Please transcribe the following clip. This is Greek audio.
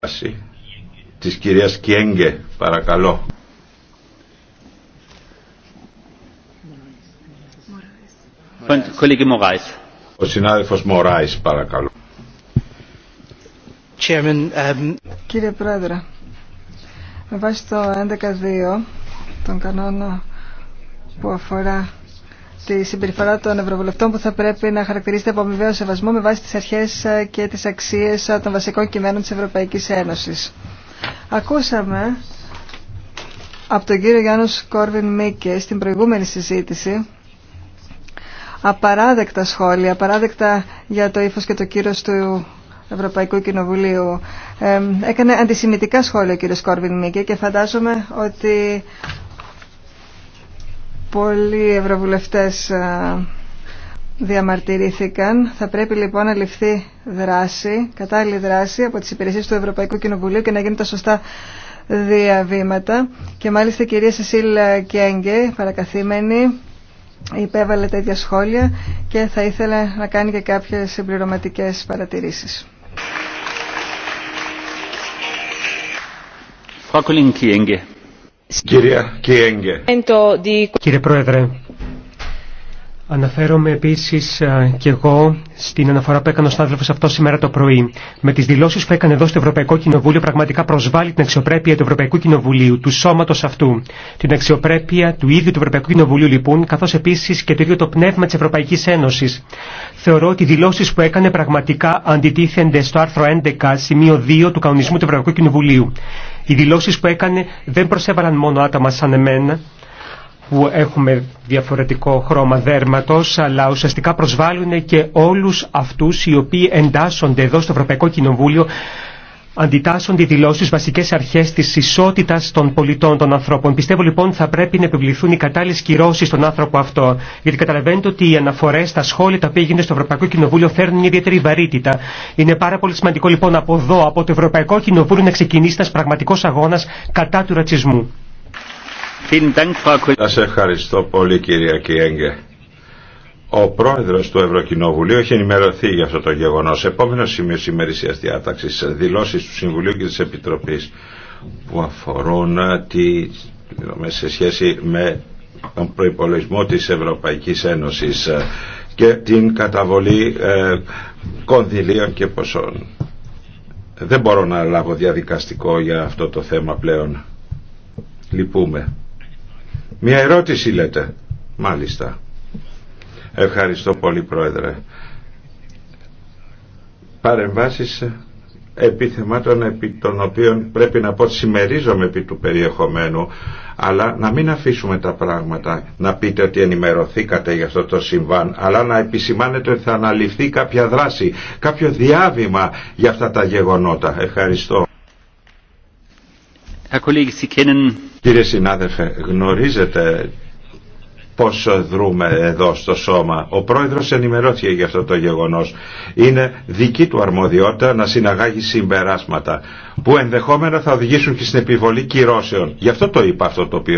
παρέμβαση της κυρίας Κιέγκε, παρακαλώ. Ο συνάδελφος Μωράης, παρακαλώ. Chairman, um, Κύριε Πρόεδρε, με βάση το 11.2 τον κανόνα που αφορά τη συμπεριφορά των Ευρωβουλευτών που θα πρέπει να χαρακτηρίζεται από αμοιβαίο σεβασμό με βάση τις αρχές ε, και τις αξίες ε, των βασικών κειμένων της Ευρωπαϊκής Ένωσης. Ακούσαμε από τον κύριο Γιάννου Κόρβιν Μίκε στην προηγούμενη συζήτηση απαράδεκτα σχόλια, απαράδεκτα για το ύφος και το κύρος του Ευρωπαϊκού Κοινοβουλίου. Ε, έκανε αντισημητικά σχόλια ο κύριος Κόρβιν Μίκε και φαντάζομαι ότι πολλοί ευρωβουλευτές ε, διαμαρτυρήθηκαν. Θα πρέπει λοιπόν να ληφθεί δράση, κατάλληλη δράση από τις υπηρεσίες του Ευρωπαϊκού Κοινοβουλίου και να γίνουν τα σωστά διαβήματα. Και μάλιστα η κυρία Σεσίλ Κέγκε, παρακαθήμενη, υπέβαλε τέτοια σχόλια και θα ήθελε να κάνει και κάποιες συμπληρωματικέ παρατηρήσεις. Frau Κύριε Πρόεδρε, Αναφέρομαι επίση και εγώ στην αναφορά που έκανε ο συνάδελφο αυτό σήμερα το πρωί. Με τι δηλώσει που έκανε εδώ στο Ευρωπαϊκό Κοινοβούλιο, πραγματικά προσβάλλει την αξιοπρέπεια του Ευρωπαϊκού Κοινοβουλίου, του σώματο αυτού. Την αξιοπρέπεια του ίδιου του Ευρωπαϊκού Κοινοβουλίου, λοιπόν, καθώ επίση και το ίδιο το πνεύμα τη Ευρωπαϊκή Ένωση. Θεωρώ ότι οι δηλώσει που έκανε πραγματικά αντιτίθενται στο άρθρο 11, σημείο 2 του κανονισμού του Ευρωπαϊκού Κοινοβουλίου. Οι δηλώσεις που έκανε δεν προσέβαλαν μόνο άτομα σαν εμένα, που έχουμε διαφορετικό χρώμα δέρματος, αλλά ουσιαστικά προσβάλλουν και όλους αυτούς οι οποίοι εντάσσονται εδώ στο Ευρωπαϊκό Κοινοβούλιο αντιτάσσονται οι δηλώσει βασικέ αρχέ τη ισότητα των πολιτών, των ανθρώπων. Πιστεύω λοιπόν θα πρέπει να επιβληθούν οι κατάλληλε κυρώσει στον άνθρωπο αυτό. Γιατί καταλαβαίνετε ότι οι αναφορέ, τα σχόλια τα οποία γίνονται στο Ευρωπαϊκό Κοινοβούλιο φέρνουν μια ιδιαίτερη βαρύτητα. Είναι πάρα πολύ σημαντικό λοιπόν από εδώ, από το Ευρωπαϊκό Κοινοβούλιο, να ξεκινήσει ένα πραγματικό αγώνα κατά του ρατσισμού. Σα ευχαριστώ πολύ κυρία Κιέγκε. Ο πρόεδρος του Ευρωκοινοβουλίου έχει ενημερωθεί για αυτό το γεγονός. Επόμενο σημείο τη ημερησία διάταξης, δηλώσεις του Συμβουλίου και της Επιτροπής που αφορούν ε, τη, σε σχέση με τον προϋπολογισμό της Ευρωπαϊκής Ένωσης ε, και την καταβολή ε, κονδυλίων και ποσών. Δεν μπορώ να λάβω διαδικαστικό για αυτό το θέμα πλέον. Λυπούμε. Μια ερώτηση λέτε. Μάλιστα. Ευχαριστώ πολύ Πρόεδρε. Παρεμβάσεις επιθεμάτων επί των οποίων πρέπει να πω συμμερίζομαι επί του περιεχομένου αλλά να μην αφήσουμε τα πράγματα να πείτε ότι ενημερωθήκατε για αυτό το συμβάν αλλά να επισημάνετε ότι θα αναλυφθεί κάποια δράση κάποιο διάβημα για αυτά τα γεγονότα. Ευχαριστώ. Κύριε συνάδελφε, γνωρίζετε πώς δρούμε εδώ στο σώμα. Ο πρόεδρος ενημερώθηκε για αυτό το γεγονός. Είναι δική του αρμοδιότητα να συναγάγει συμπεράσματα που ενδεχόμενα θα οδηγήσουν και στην επιβολή κυρώσεων. Γι' αυτό το είπα αυτό το οποίο